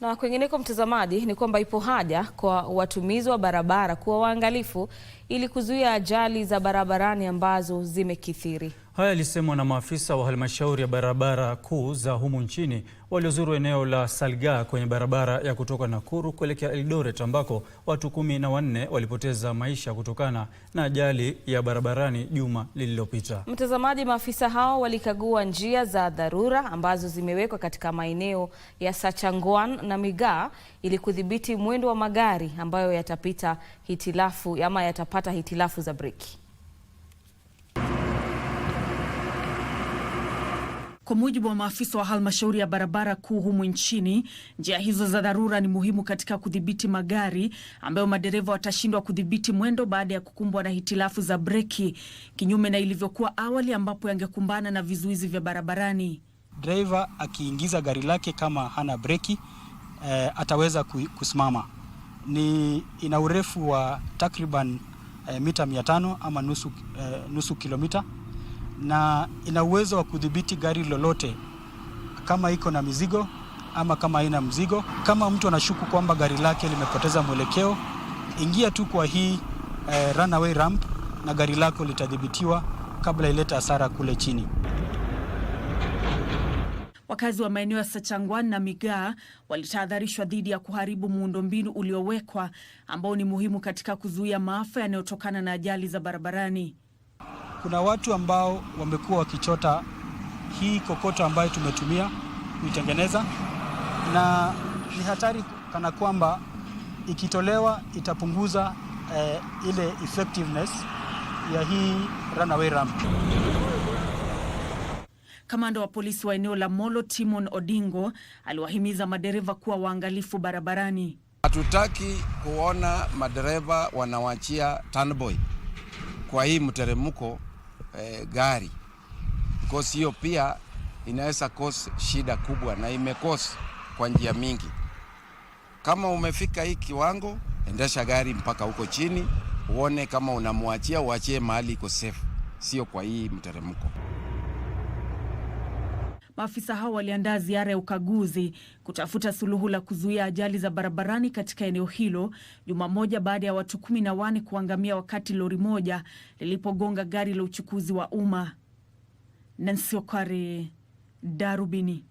Na kwengineko, mtazamaji, ni kwamba ipo haja kwa watumizi wa barabara kuwa waangalifu ili kuzuia ajali za barabarani ambazo zimekithiri. Haya yalisemwa na maafisa wa halmashauri ya barabara kuu za humu nchini waliozuru eneo la salga kwenye barabara ya kutoka Nakuru kuelekea Eldoret ambako watu kumi na wanne walipoteza maisha kutokana na ajali ya barabarani juma lililopita. Mtazamaji, maafisa hao walikagua njia za dharura ambazo zimewekwa katika maeneo ya Sachangwan na Migaa ili kudhibiti mwendo wa magari ambayo yatapita hitilafu ama yatapata hitilafu za breki. Kwa mujibu wa maafisa wa halmashauri ya barabara kuu humu nchini, njia hizo za dharura ni muhimu katika kudhibiti magari ambayo madereva watashindwa kudhibiti mwendo baada ya kukumbwa na hitilafu za breki, kinyume na ilivyokuwa awali ambapo yangekumbana na vizuizi vya barabarani. Dereva akiingiza gari lake kama hana breki eh, ataweza kusimama. Ni ina urefu wa takriban eh, mita 500 ama nusu, eh, nusu kilomita na ina uwezo wa kudhibiti gari lolote kama iko na mizigo ama kama haina mzigo. Kama mtu anashuku kwamba gari lake limepoteza mwelekeo, ingia tu kwa hii eh, runaway ramp na gari lako litadhibitiwa kabla ileta hasara kule chini. Wakazi wa maeneo ya Sachangwan na Migaa walitahadharishwa dhidi ya kuharibu muundombinu uliowekwa ambao ni muhimu katika kuzuia maafa yanayotokana na ajali za barabarani kuna watu ambao wamekuwa wakichota hii kokoto ambayo tumetumia kuitengeneza, na ni hatari kana kwamba ikitolewa itapunguza eh, ile effectiveness ya hii runaway ramp. Kamanda wa polisi wa eneo la Molo Timon Odingo aliwahimiza madereva kuwa waangalifu barabarani. Hatutaki kuona madereva wanawachia tanboy kwa hii mteremko eh, gari kosi hiyo pia inaweza cause shida kubwa, na imekosa kwa njia mingi. Kama umefika hii kiwango, endesha gari mpaka huko chini uone, kama unamwachia uachie mahali iko safe, sio kwa hii mteremko. Maafisa hao waliandaa ziara ya ukaguzi kutafuta suluhu la kuzuia ajali za barabarani katika eneo hilo, juma moja baada ya watu kumi na wane kuangamia wakati lori moja lilipogonga gari la uchukuzi wa umma. Nancy Darubini.